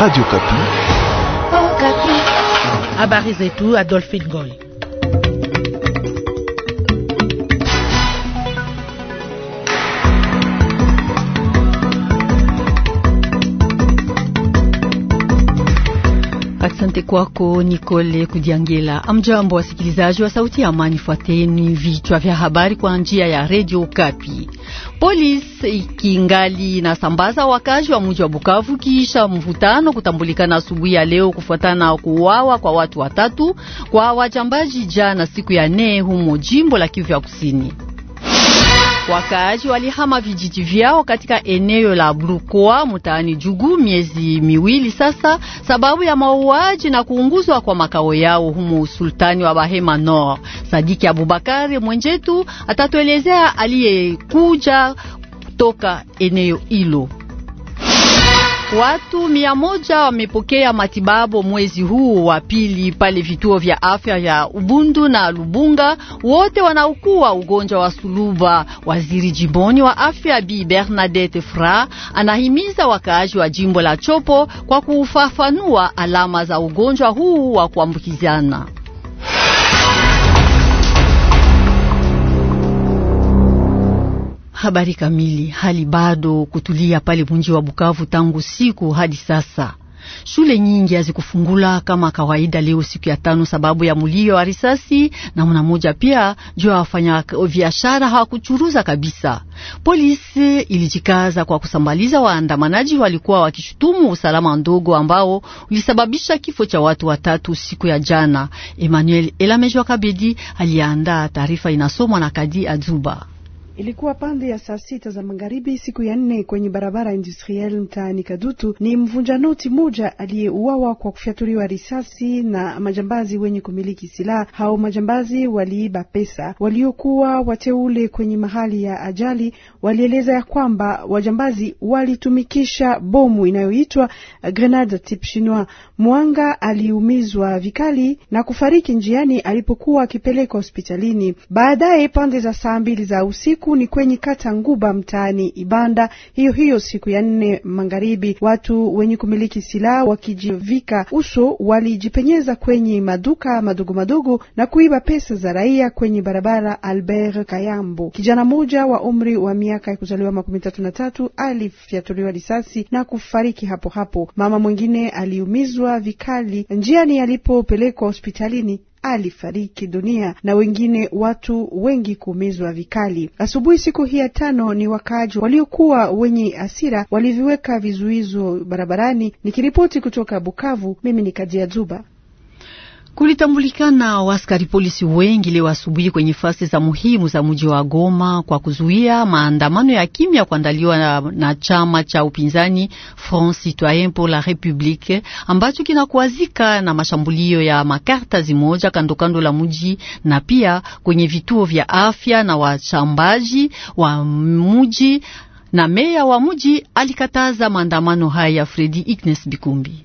Radio oh, Kapi. Habari zetu Adolphe Ngoy. Asante kwako Nicole Kudiangela. Amjambo wasikilizaji wa Sauti ya Amani, fuateni vichwa vya habari kwa njia ya redio kapi Polisi ikingali inasambaza wakazi wa mji wa Bukavu kisha mvutano kutambulikana asubuhi ya leo kufuatana kuuawa kwa watu watatu kwa wajambaji jana siku ya nne humo jimbo la Kivu ya Kusini. Wakaaji walihama vijiji vyao katika eneo la Blukoa mtaani Jugu miezi miwili sasa, sababu ya mauaji na kuunguzwa kwa makao yao humo usultani wa Bahema Nord. Sadiki Abubakari mwenjetu atatuelezea aliyekuja toka eneo hilo. Watu mia moja wamepokea matibabu mwezi huu wa pili pale vituo vya afya vya Ubundu na Lubunga, wote wanaokuwa ugonjwa wa suluba. Waziri jimboni wa afya Bi Bernadette Fra anahimiza wakaaji wa jimbo la Chopo kwa kufafanua alama za ugonjwa huu wa kuambukizana. Habari kamili. Hali bado kutulia pale mji wa Bukavu tangu siku hadi sasa. Shule nyingi hazikufungula kama kawaida leo siku ya tano, sababu ya mulio wa risasi na mna moja pia juu ya wafanya biashara hawakuchuruza kabisa. Polisi ilijikaza kwa kusambaliza waandamanaji walikuwa wakishutumu usalama ndogo ambao ulisababisha kifo cha watu watatu siku ya jana. Emmanuel Elamejwa Kabedi aliandaa taarifa, inasomwa na Kadi Azuba. Ilikuwa pande ya saa sita za magharibi siku ya nne kwenye barabara industriel mtaani Kadutu, ni mvunja noti mmoja aliyeuawa kwa kufyatuliwa risasi na majambazi wenye kumiliki silaha. Hao majambazi waliiba pesa. Waliokuwa wateule kwenye mahali ya ajali walieleza ya kwamba wajambazi walitumikisha bomu inayoitwa grenade type chinois. Mwanga aliumizwa vikali na kufariki njiani alipokuwa akipelekwa hospitalini. Baadaye pande za saa mbili za usiku kuu ni kwenye kata Nguba mtaani Ibanda. Hiyo hiyo siku ya nne magharibi, watu wenye kumiliki silaha wakijivika uso walijipenyeza kwenye maduka madogo madogo na kuiba pesa za raia kwenye barabara Albert Kayambo. Kijana mmoja wa umri wa miaka ya kuzaliwa makumi tatu na tatu alifyatuliwa risasi na kufariki hapo hapo. Mama mwingine aliumizwa vikali njiani alipopelekwa hospitalini alifariki dunia na wengine watu wengi kuumizwa vikali. Asubuhi siku hii ya tano, ni wakaaji waliokuwa wenye hasira waliviweka vizuizo barabarani. Nikiripoti kutoka Bukavu, mimi ni Kajia zuba Kulitambulikana waskari polisi wengi leo asubuhi kwenye fasi za muhimu za mji wa Goma kwa kuzuia maandamano ya kimya kuandaliwa na, na chama cha upinzani Front Citoyen pour la République ambacho kinakuazika na mashambulio ya makarta zimoja kandokando la mji na pia kwenye vituo vya afya na wachambaji wa mji na meya wa mji alikataza maandamano haya. Fredi Ignes Bikumbi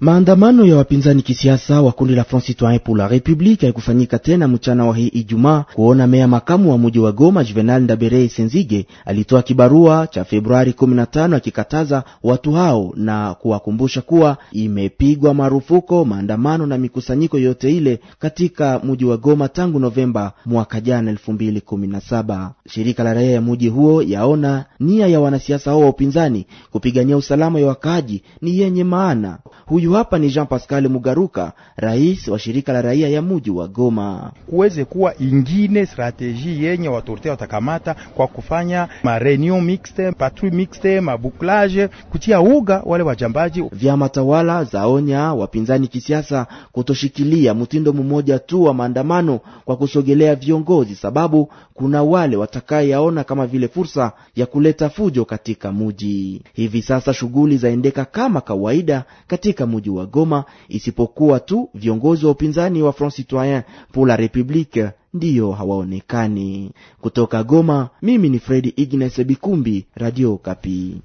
Maandamano ya wapinzani kisiasa wa kundi la Front Citoyen pour la République haikufanyika tena mchana wa hii Ijumaa kuona meya makamu wa muji wa Goma Juvenal Ndabere Senzige alitoa kibarua cha Februari 15 akikataza watu hao na kuwakumbusha kuwa imepigwa marufuko maandamano na mikusanyiko yote ile katika muji wa Goma tangu Novemba mwaka jana 2017. Shirika la raia ya muji huo yaona nia ya wanasiasa hao wa upinzani kupigania usalama ya wakaaji ni yenye maana. Huyu Huyu hapa ni Jean Pascal Mugaruka, rais wa shirika la raia ya muji wa Goma. Kuweze kuwa ingine strateji yenye watorite watakamata kwa kufanya ma mixte, patrouille mixte, mabuklage kutia uga wale wajambaji. Vyama tawala zaonya wapinzani kisiasa kutoshikilia mtindo mmoja tu wa maandamano kwa kusogelea viongozi, sababu kuna wale watakayaona kama vile fursa ya kuleta fujo katika muji. Hivi sasa shughuli zaendeka kama kawaida katika muji mji wa Goma, isipokuwa tu viongozi wa upinzani wa Front Citoyen pour la Republique ndiyo hawaonekani. Kutoka Goma, mimi ni Fredi Ignace Bikumbi, Radio Kapi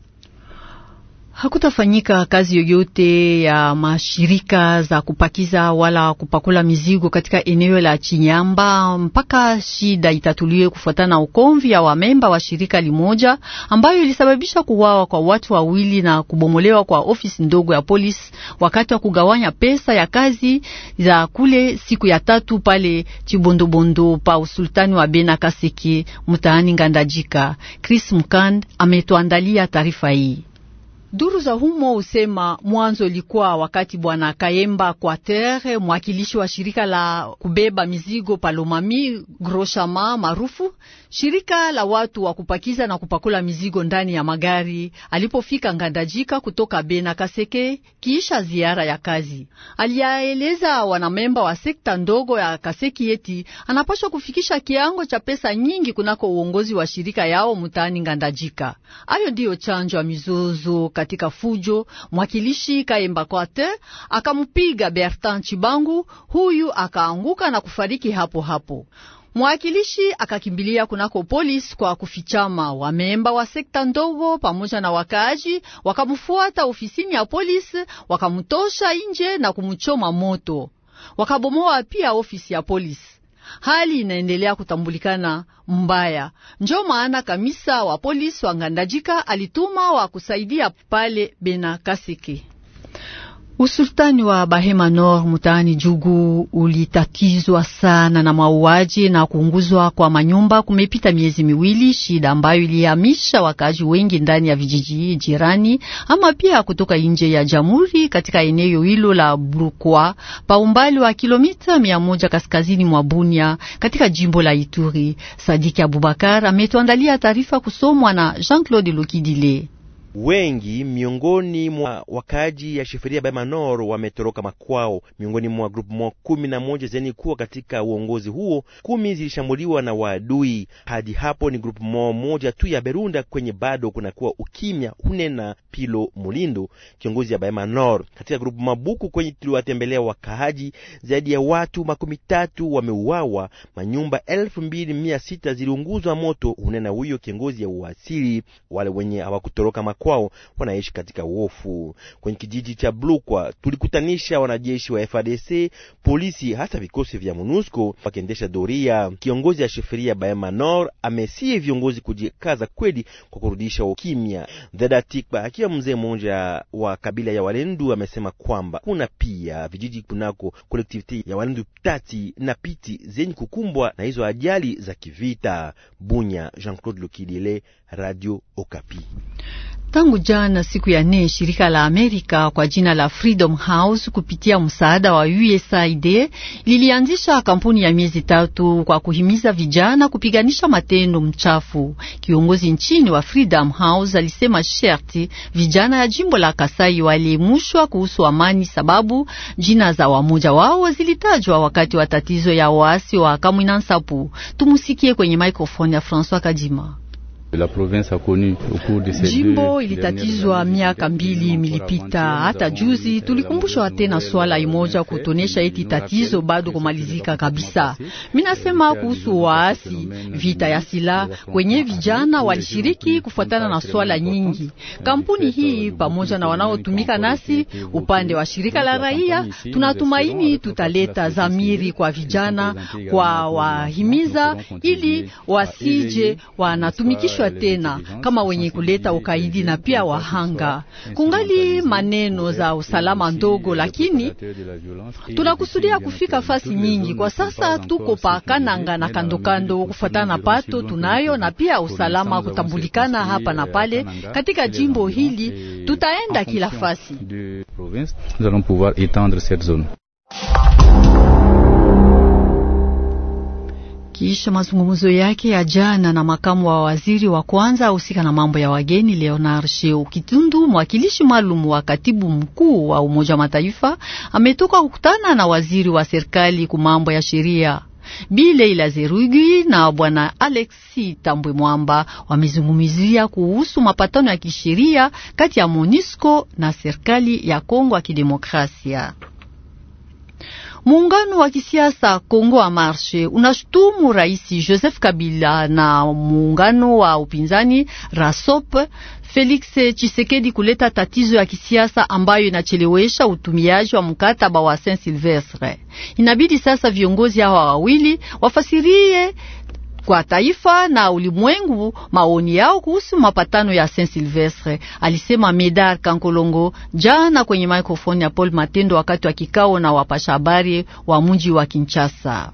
hakutafanyika kazi yoyote ya mashirika za kupakiza wala kupakula mizigo katika eneo la Chinyamba mpaka shida itatuliwe, kufuatana na ukomvi ya wamemba wa shirika limoja ambayo ilisababisha kuwawa kwa watu wawili na kubomolewa kwa ofisi ndogo ya polisi wakati wa kugawanya pesa ya kazi za kule siku ya tatu pale Chibondobondo pa usultani wa Bena Kaseke mtaani Ngandajika. Chris Mkand ametuandalia taarifa hii. Duru za humo usema mwanzo ulikuwa wakati bwana Kayemba Kwater, mwakilishi wa shirika la kubeba mizigo Palomami Groshama maarufu shirika la watu wa kupakiza na kupakula mizigo ndani ya magari, alipofika Ngandajika kutoka Bena Kaseke kiisha ziara ya kazi, aliyaeleza wanamemba wa sekta ndogo ya Kaseki yeti anapaswa kufikisha kiango cha pesa nyingi kunako uongozi wa shirika yao mtaani Ngandajika. Ayo ndiyo chanjo ya mizozo katika fujo. Mwakilishi Kaemba Kwate akamupiga Bertan Chibangu, huyu akaanguka na kufariki hapo hapo. Mwakilishi akakimbilia kunako polisi kwa kufichama. Wamemba wa sekta ndogo pamoja na wakaaji wakamfuata ofisini ya polisi, wakamtosha nje na kumchoma moto, wakabomoa pia ofisi ya polisi hali inaendelea kutambulikana mbaya. Njo maana kamisa wa polisi wa Ngandajika alituma wa kusaidia pale Bena Kasiki. Usultani wa Bahema Nord mutaani Jugu ulitatizwa sana na mauaji na kuunguzwa kwa manyumba. Kumepita miezi miwili, shida ambayo ilihamisha wakazi wengi ndani ya vijiji jirani ama pia kutoka nje ya jamhuri katika eneo hilo la Brukwa, pa umbali wa kilomita mia moja kaskazini mwa Bunia katika jimbo la Ituri. Sadiki Abubakar ametuandalia taarifa kusomwa na Jean-Claude Lokidile. Wengi miongoni mwa wakaaji ya shiferia Bae Manor wametoroka makwao. Miongoni mwa grupu mwa kumi na moja zeni kuwa katika uongozi huo, kumi zilishambuliwa na waadui. Hadi hapo ni grupu mwa moja tu ya Berunda kwenye bado kunakuwa ukimya, hunena Pilo Mulindo, kiongozi ya Bae Manor. Katika grupu Mabuku kwenye tuliwatembelea wakaaji, zaidi ya watu makumi tatu wameuawa, manyumba elfu mbili mia sita ziliunguzwa moto, unena huyo kiongozi ya uasili. Wale wenye hawakutoroka kwao wanaishi katika uofu. Kwenye kijiji cha Blukwa tulikutanisha wanajeshi wa fdc polisi, hasa vikosi vya MONUSCO wakiendesha doria. Kiongozi ya sheferia Nord amesie viongozi kujikaza kweli kwa kurudisha ukimya. Dhedatikba akiwa mzee mmoja wa kabila ya Walendu amesema kwamba kuna pia vijiji kunako kolektivite ya Walendu tati na piti zenye kukumbwa na hizo ajali za kivita. Bunya, Jean-Claude Lukidile, Radio Okapi. Tangu jana siku ya nne, shirika la Amerika kwa jina la Freedom House kupitia msaada wa USAID lilianzisha kampuni ya miezi tatu kwa kuhimiza vijana kupiganisha matendo mchafu. Kiongozi nchini wa Freedom House alisema sherti vijana ya jimbo la Kasai waliemushwa kuhusu amani, sababu jina za wamoja wao zilitajwa wakati wa tatizo ya waasi wa Kamwina Nsapu. Tumusikie kwenye microphone ya François kajima la province a connu au cours de jimbo ilitatizwa miaka mbili milipita. Hata juzi tulikumbushwa tena swala imoja kutonesha eti tatizo bado kumalizika kabisa. Minasema kuhusu waasi, vita ya sila kwenye vijana walishiriki kufuatana na swala nyingi. Kampuni hii euh, pamoja na wanaotumika nasi upande wa shirika la raia, tunatumaini tutaleta zamiri kwa vijana, kwa wahimiza ili wasije wanatumikishwa kuhusishwa tena kama wenye kuleta ukaidi na pia wahanga. Kungali maneno za usalama ndogo, lakini tunakusudia kufika fasi nyingi. Kwa sasa tuko pa Kananga na kandokando, kufuatana na pato tunayo na pia usalama kutambulikana hapa na pale katika jimbo hili, tutaenda kila fasi. Kisha mazungumzo yake ya jana na makamu wa waziri wa kwanza ahusika na mambo ya wageni Leonard Sheu Kitundu, mwakilishi maalum wa katibu mkuu wa Umoja wa Mataifa, ametoka kukutana na waziri wa serikali ku mambo ya sheria Bi Leila Zerugi na bwana Alexi Tambwe Mwamba wamezungumizia kuhusu mapatano ya kisheria kati ya MONUSCO na serikali ya Kongo ya Kidemokrasia. Muungano wa kisiasa Kongo wa Marshe unashutumu Rais Joseph Kabila na muungano wa upinzani RASOP Felix Tshisekedi kuleta tatizo ya kisiasa ambayo inachelewesha utumiaji wa mkataba wa Saint Silvestre. Inabidi sasa viongozi hawa wawili wafasirie kwa taifa na ulimwengu maoni yao kuhusu mapatano ya Saint Silvestre, alisema Medar Kankolongo jana kwenye mikrofoni ya Paul Matendo wakati wa kikao na wapasha habari wa mji wa Kinshasa.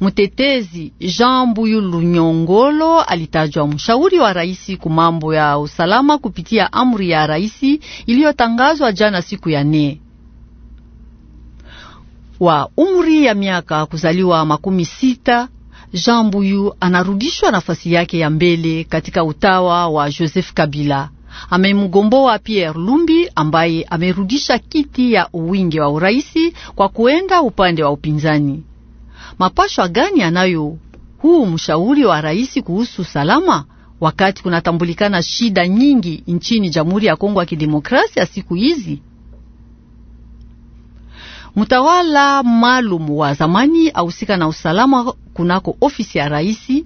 mutetezi Jean Buyulu Nyongolo alitajwa mshauri wa rais mambo ya usalama kupitia amri ya rais iliyotangazwa jana siku ya nne wa umri ya miaka kuzaliwa makumi sita Jean Mbuyu anarudishwa nafasi yake ya mbele katika utawa wa Joseph Kabila. Amemgomboa Pierre Lumbi ambaye amerudisha kiti ya uwingi wa uraisi kwa kuenda upande wa upinzani. Mapashwa gani anayo huu mshauri wa raisi kuhusu salama, wakati kunatambulikana shida nyingi nchini Jamhuri ya Kongo ya Kidemokrasia siku hizi? Mtawala maalum wa zamani ahusika na usalama kunako ofisi ya raisi.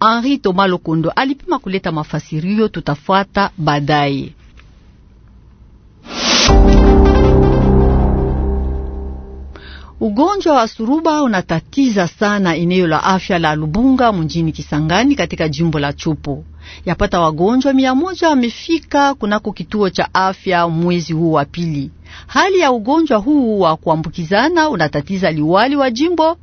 Henri Thomas Lokondo alipima kuleta mafasirio, tutafuata baadaye. Ugonjwa wa suruba unatatiza sana eneo la afya la Lubunga mjini Kisangani katika jimbo la Chopo. Yapata wagonjwa mia moja wamefika kunako kituo cha afya mwezi huu wa pili. Hali ya ugonjwa huu wa kuambukizana unatatiza liwali wa jimbo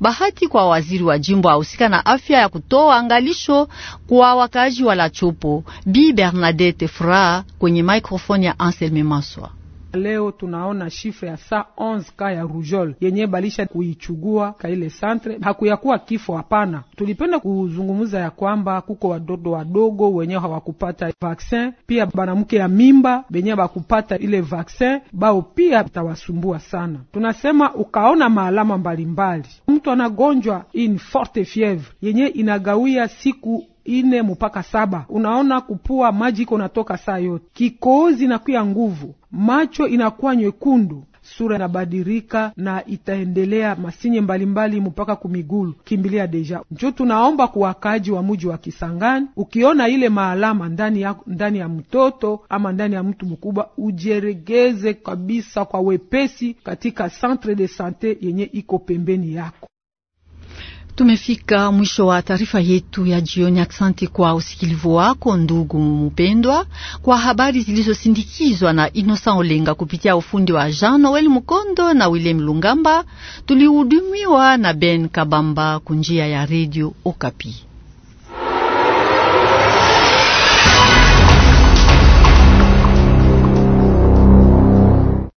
bahati kwa waziri wa jimbo ahusika na afya ya kutoa angalisho kwa wakaaji wa Lachopo, Bi Bernadette Fra kwenye microphone ya Anselme Maswa. Leo tunaona shifre ya saa 11 ka ya rujol yenye balisha kuichugua ka ile santre, hakuyakuwa kifo hapana. Tulipenda kuzungumza ya kwamba kuko wadodo wadogo wenyewe hawakupata vaksin, pia banamke ya mimba benye bakupata ile vaksin bao pia tawasumbua sana. Tunasema ukaona maalama mbalimbali, mtu anagonjwa in forte fievre yenye inagawia siku ine mpaka saba. Unaona kupua maji iko natoka saa yote, kikozi na nguvu, macho inakuwa nyekundu sura inabadirika na itaendelea masinye mbalimbali mpaka kumigulu kimbilia deja njo tunaomba kuwakaji wa muji wa Kisangani, ukiona ile maalama ndani ya, ndani ya mtoto ama ndani ya mtu mkubwa ujeregeze kabisa kwa wepesi katika centre de sante yenye iko pembeni yako. Tumefika mwisho wa taarifa yetu ya jioni. Asante kwa usikilivu wako ndugu mpendwa, kwa habari zilizosindikizwa na Inosa Olenga kupitia ufundi wa Jean Noel Mukondo na William Lungamba. Tulihudumiwa na Ben Kabamba kunjia ya redio Okapi.